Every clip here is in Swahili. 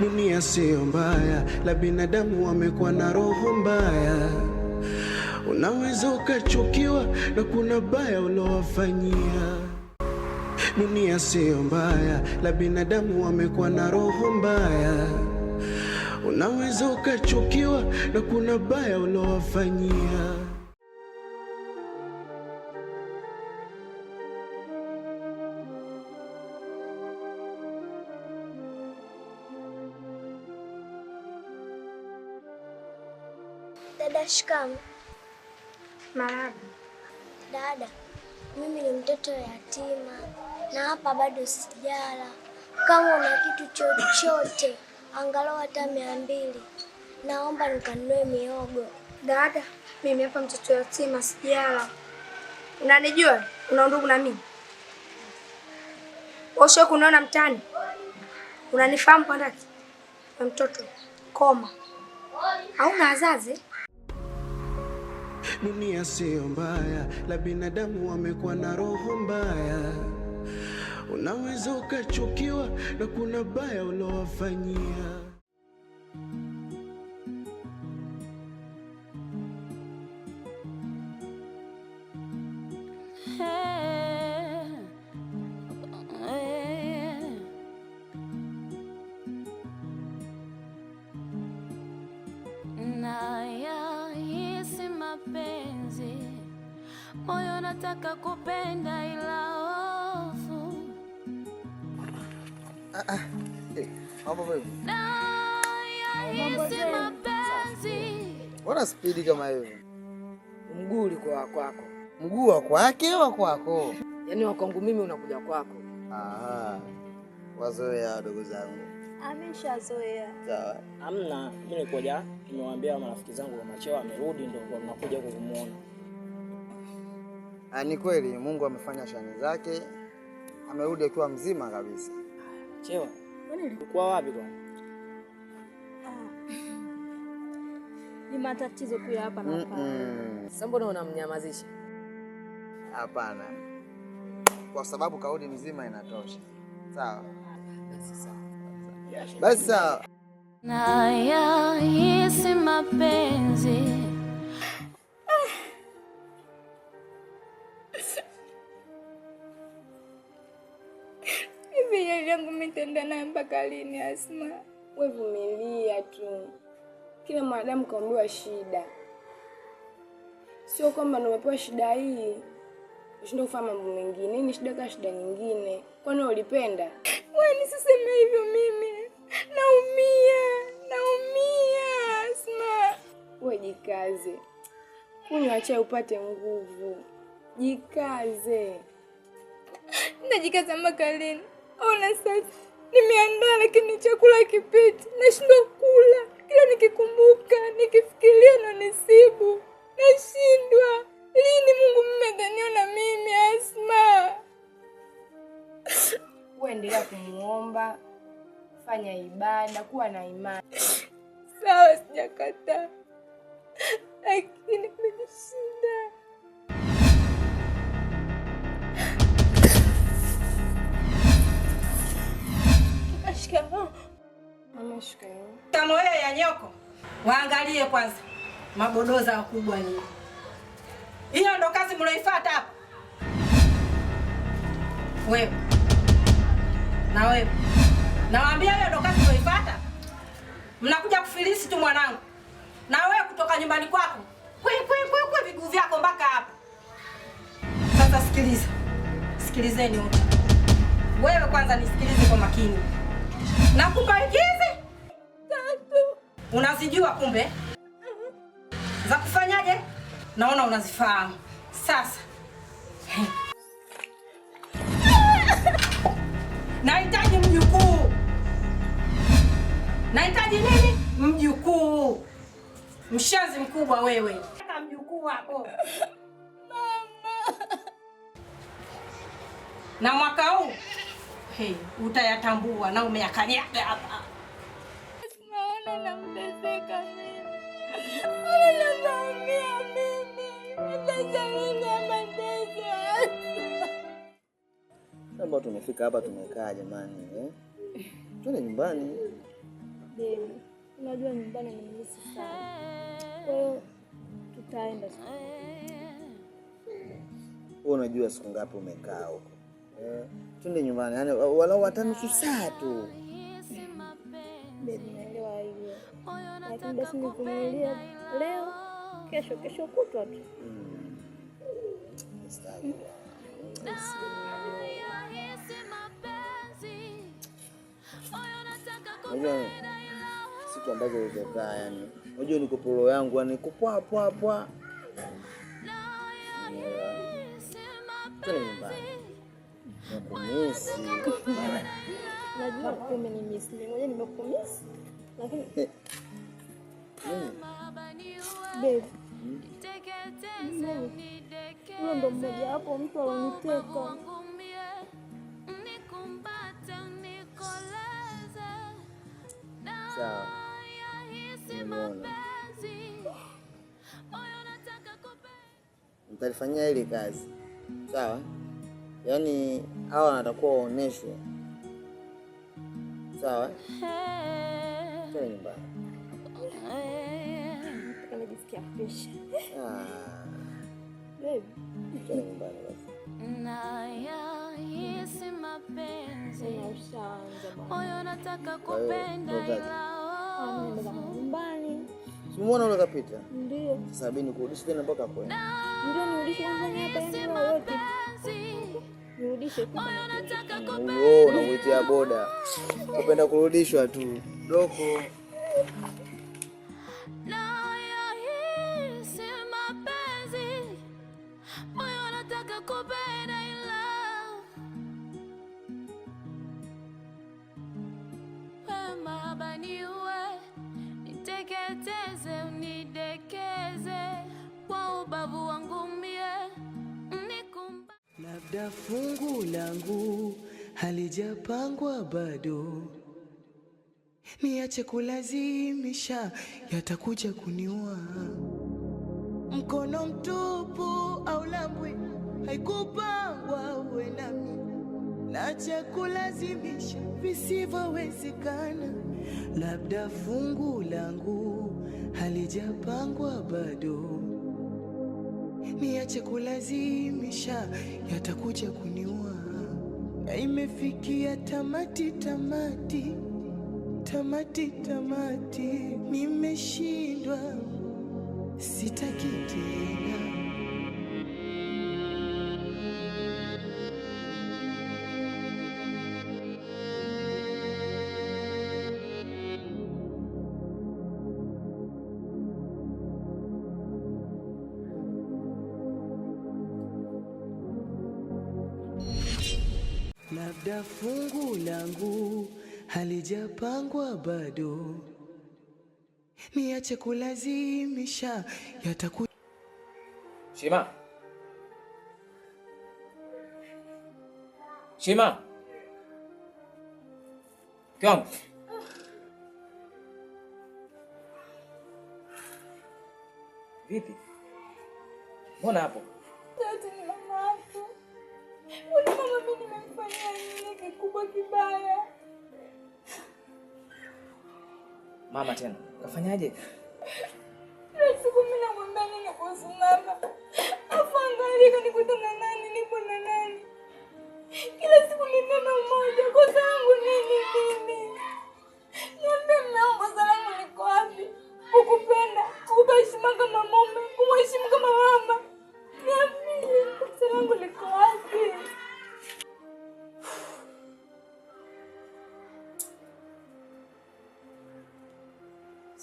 Dunia siyo mbaya, la binadamu wamekuwa na roho mbaya. Unaweza ukachukiwa na kuna baya ulowafanyia. Dunia siyo mbaya, la binadamu wamekuwa na roho mbaya. Unaweza ukachukiwa na kuna baya ulowafanyia. Dada, shikamoo. Marahaba. Dada, mimi ni mtoto yatima na hapa bado sijala. Kama una kitu chochote angalau hata mia mbili, naomba nikanunue miogo. Dada, mimi hapa mtoto yatima sijala. Unanijua? Una ndugu na mimi? Osho kuniona mtani? Unanifahamu kwa ndani? Mtoto koma, hauna wazazi dunia sio mbaya, la binadamu wamekuwa na roho mbaya. Unaweza ukachukiwa na kuna baya ulowafanyia. mapenzi, moyo nataka kupenda ila hofu. Ah, ah, eh, Mbona spidi kama hiyo? Mguu ulikuwa wa kwako, mguu wa kwake, wa kwako, yaani wa kwangu mimi unakuja kwako. Wazoea wadogo zangu Ameshazoea. Sawa. Hamna, mimi nilikuja nimewaambia marafiki zangu kama Chewa amerudi ndio kwa mnakuja kumuona. Ah, ni kweli Mungu amefanya shani zake. Amerudi akiwa mzima kabisa. Chewa, kwani ulikuwa wapi kwani? Ah, ni matatizo pia hapa na pale. Sasa mbona unamnyamazisha? Hapana. Kwa sababu kaudi mzima inatosha. Sawa. sawa. Basi sawa. Na hisi mapenzi hivi yangu mitenda naye mpaka lini? Asma, wevumilia tu, kila mwanadamu kaombiwa shida, sio kwamba ndo umepewa shida hii ushinda kufanya mambo mengine. Ni shida kama shida nyingine, kwani ulipenda? Wewe nisiseme hivyo mimi Naumia, naumia Asma. Wewe jikaze, kunywa chai upate nguvu. Jikaze. Najikaza mpaka lini? Ona sasa, nimeandaa lakini chakula kipiti, nashindwa kula. Kila nikikumbuka nik ibada, kuwa na imani. Sawa, sijakataa, lakini nimeshinda. Shikamoo mama. Shikamoo. Kama wewe ya nyoko, waangalie kwanza mabodoza wakubwa nyinyi. Hiyo ndo kazi mlioifuata hapa. Wewe na wewe Nawaambia hiyo ndo kazi mlioipata. Mnakuja kufilisi tu mwanangu. Na wewe kutoka nyumbani kwako kwi kwi kwi kwi viguu vyako mpaka hapa. Sasa sikiliza. Sikilizeni wote. Wewe kwanza nisikilize kwa makini. Nakupa hizi tatu. Unazijua kumbe? Za kufanyaje? Naona unazifahamu. Sasa nahitaji mjukuu Nahitaji nini? Mjukuu. Mshazi mkubwa wewe. Hata mjukuu wako. Mama. Na mwaka huu hey, utayatambua na umeyakanyaga hapa. mimi. mimi. mateso. Sasa Tumefika hapa tumekaa jamani, eh? Tuende nyumbani. Baby, unajua nyumbani nimemisi sana, kwa hiyo tutaenda siku. Wewe unajua siku ngapi umekaa huko? Eh, Tunde nyumbani, yaani walau hata nusu saa tu. Baby, naelewa hiyo, lakini basi nikuvumilia leo, kesho, kesho kutwa tu. Hmm. Mm. Unajua siku ambazo ulizokaa yani, unajua niko polo yangu yani niko pwa pwa pwa nakumisi najua kume ni misi ngoja nimekumisi lakini babe hmm? huyo mmoja wapo mtu aloniteka sawa. Mtalifanyia hili kazi sawa, yaani hawa wanatakuwa waoneshwe sawa. Nyumbani hisi mapenzi, moyo nataka kupenda ila ah, nyumbani. Simuona ule kapita. Ndio. Sasa bini kurudisha tena mpaka kwenda. Ndio nirudishe hapa yangu yote. Nirudishe kwa. Moyo nataka kupenda. Oh, boda. Kupenda kurudishwa tu. Doko. uniue, niteketeze, unidekeze kwa ubavu wangu mie, Labda fungu langu halijapangwa bado, niache kulazimisha, yatakuja kuniua. Mkono mtupu au lambwe, haikupangwa uwe nami, nacha kulazimisha visivyowezekana labda fungu langu halijapangwa bado, niache kulazimisha, yatakuja kuniua. Na imefikia tamati, tamati, tamati, tamati, nimeshindwa, sitaki tena. labda fungu langu halijapangwa bado, niache kulazimisha yataku Shima Shima Kiwangu vipi? Mbona hapo? Tati ni mama Huyu mama mimi nimemfanyia nini kikubwa kibaya? Mama tena kafanyaje? Kila siku mimi namwambia nini kuhusu mama, afu angalia kanikuta na nani, nipo na nani. Kila siku ni mama mmoja, kosa yangu nini mimi?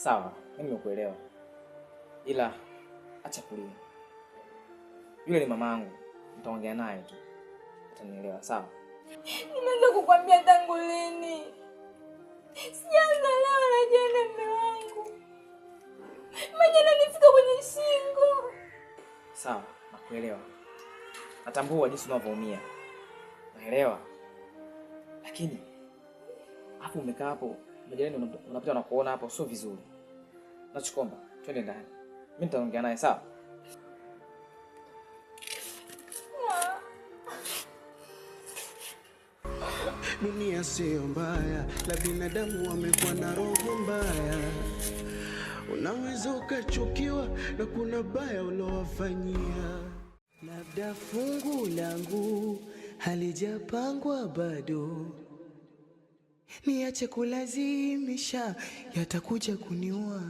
Sawa, nimekuelewa, ila acha kulia. Yule ni mamangu, nitaongea naye tu, atanielewa Sawa. Nimeanza kukwambia tangu lini? Sijaanza leo na jana, mme wangu, majana nifika kwenye shingo. Sawa, nakuelewa, natambua jinsi unavyoumia, naelewa, lakini hapo umekaa hapo, majirani unapita wanakuona hapo, sio vizuri. Nachokomba, twende ndani, mi nitaongea naye sawa. Dunia sio mbaya, la binadamu wamekuwa na roho mbaya. Unaweza ukachukiwa na kuna baya ulowafanyia. Labda fungu langu halijapangwa bado niache kulazimisha, yatakuja kuniua.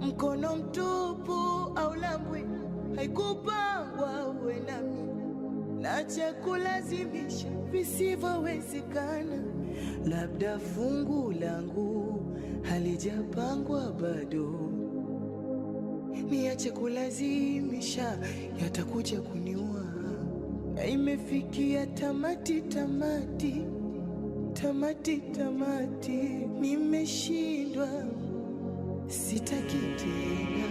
Mkono mtupu au lambwe, haikupangwa uwe nami, nacha kulazimisha visivyowezekana. Labda fungu langu halijapangwa bado, niache kulazimisha, yatakuja kuniua. Na imefikia tamati tamati tamati tamati, nimeshindwa, sitaki tena.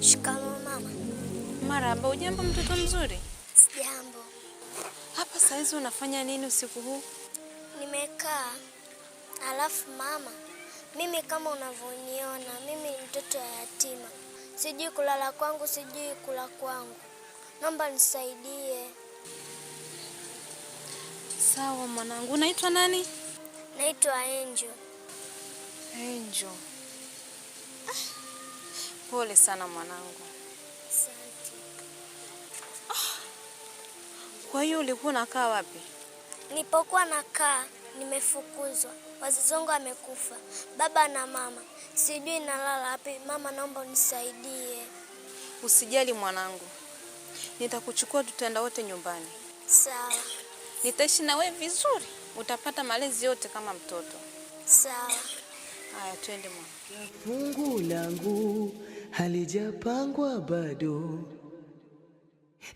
Shikamoo Marahaba. Ujambo mtoto mzuri? Sijambo. Hapa saizi unafanya nini usiku huu? nimekaa alafu mama, mimi kama unavyoniona mimi ni mtoto wa yatima, sijui kulala kwangu, sijui kula kwangu, naomba nisaidie. Sawa mwanangu, unaitwa nani? Naitwa Angel. Angel. Pole sana mwanangu. Asante. Ah. Kwa hiyo ulikuwa unakaa wapi? Nilipokuwa nakaa nimefukuzwa, wazazi wangu wamekufa, baba na mama, sijui nalala wapi. Mama, naomba unisaidie. Usijali mwanangu, nitakuchukua tutaenda wote nyumbani. Sawa. Nitaishi na wewe vizuri, utapata malezi yote kama mtoto. Sawa. Haya, twende mwana. Fungu langu halijapangwa bado,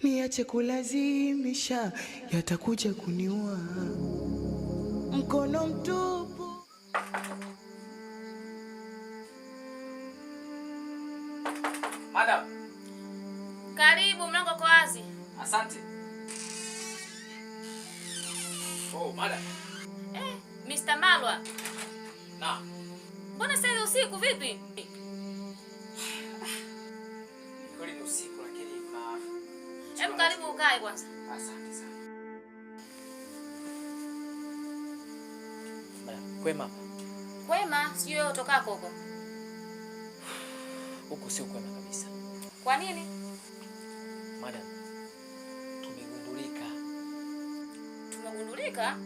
niache kulazimisha, yatakuja kuniua mkono mtupu. Madam. Karibu, mlango uko wazi. Asante. Oh, madam. Eh, Mr. Malwa. Na. Mbona sasa usiku vipi? Hebu karibu ukae kwanza. Asante sana. Kwema. Kwema? sio wewe utokako huko. Huko sio kwema kabisa. Kwa nini? Madam, tumegundulika. Tumegundulika?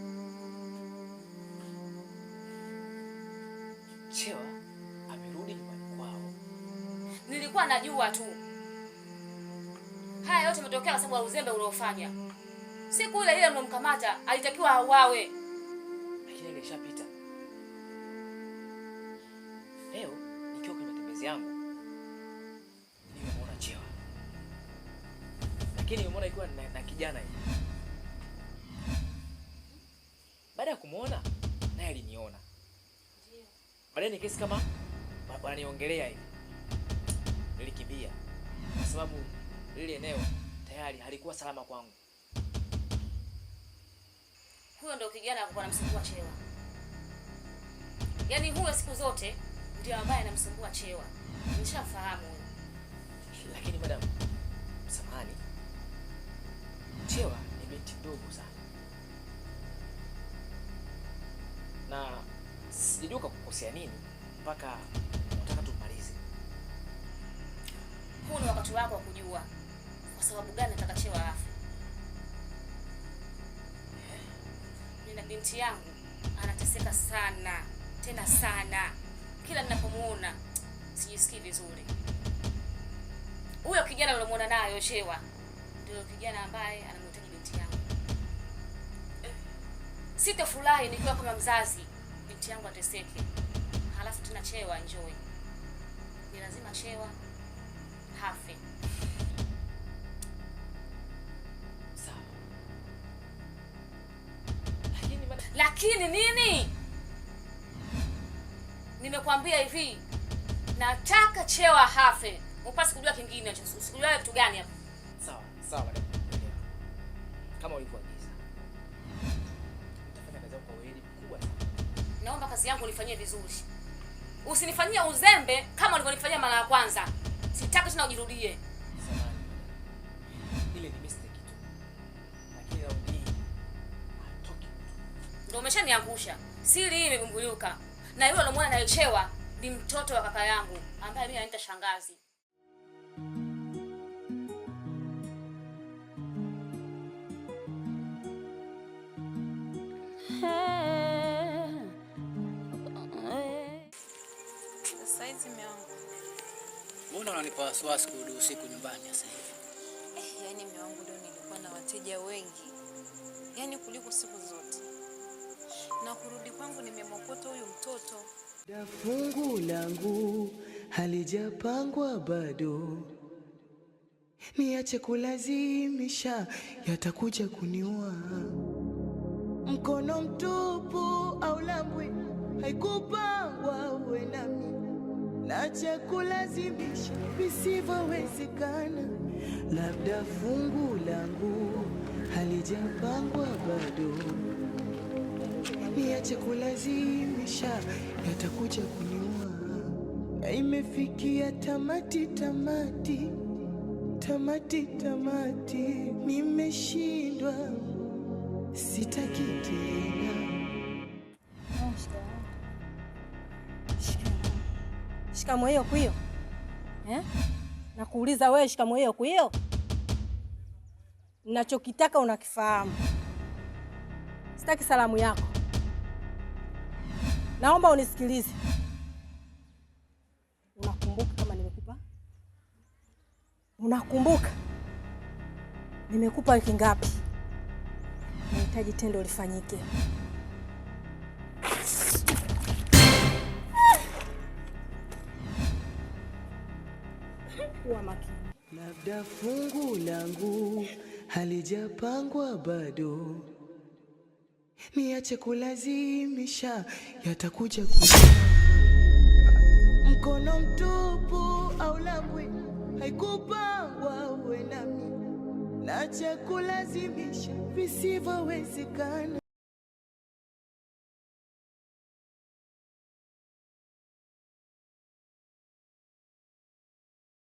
Chewa amerudi nyumbani kwao. Nilikuwa najua tu. Haya yote yametokea kwa sababu ya uzembe uliofanya. Siku ile ile mlomkamata alitakiwa auawe. Lakini ingeshapita. kijana hivi. Baada ya kumwona naye aliniona, baadaye nikesi kama wananiongelea hivi, nilikimbia kwa sababu lile eneo tayari halikuwa salama kwangu. Huyo ndo kijana alikuwa anamsumbua Chewa, yaani huyo siku zote ndio ambaye anamsumbua Chewa, nishafahamu. Lakini madam, samahani Chewa ni binti ndogo sana na sijajua kukosea nini mpaka nataka tumalize. Huu ni wakati wako wa kujua kwa sababu gani nataka Chewa afe. Nina binti yangu anateseka sana tena sana, kila ninapomuona sijisikii vizuri. Huyo kijana unamuona nayo Chewa ndio kijana ambaye sitafurahi nikiwa kama mzazi binti yangu ateseke, halafu tena chewa enjoy. Ni lazima chewa hafe. lakini lakini nini, nimekwambia hivi, nataka chewa hafe. Upasi kujua kingine, sikujua kitu gani hapa Sawa sawa, kama ulivyo naomba kazi yangu unifanyie vizuri, usinifanyie uzembe kama ulivyonifanyia mara ya kwanza. Sitaki tena ujirudie. Ndio umeshaniangusha. Siri hii imebumbuliuka, na yule alomwona naechewa ni mtoto wa kaka yangu ambaye mimi anaita shangazi. Mbona unanipa wasiwasi kurudi usiku nyumbani sasa hivi? Eh, yani mume wangu leo nilikuwa na wateja wengi, yani kuliko siku zote, na kurudi kwangu nimemokota huyu mtoto. Dafungu langu halijapangwa bado, niache kulazimisha, yatakuja kuniua mkono mtupu au lambwe, haikupangwa uwe nami na cha kulazimisha visivyowezekana, labda fungu langu halijapangwa bado. Niache kulazimisha, yatakuja kuniua. Na imefikia tamati, tamati, tamati, tamati, nimeshindwa, sitaki tena. shikamoo hiyo kuhiyo eh? Nakuuliza wewe shikamoo hiyo kuhiyo, nachokitaka unakifahamu. Sitaki salamu yako, naomba unisikilize. Unakumbuka kama nimekupa, unakumbuka nimekupa wiki ngapi? Nahitaji tendo lifanyike. kuwa makini. Labda fungu langu halijapangwa bado, niache kulazimisha, yatakuja ku Mkono mtupu au lambwe, haikupangwa uwe nami, nacha kulazimisha visivyowezekana.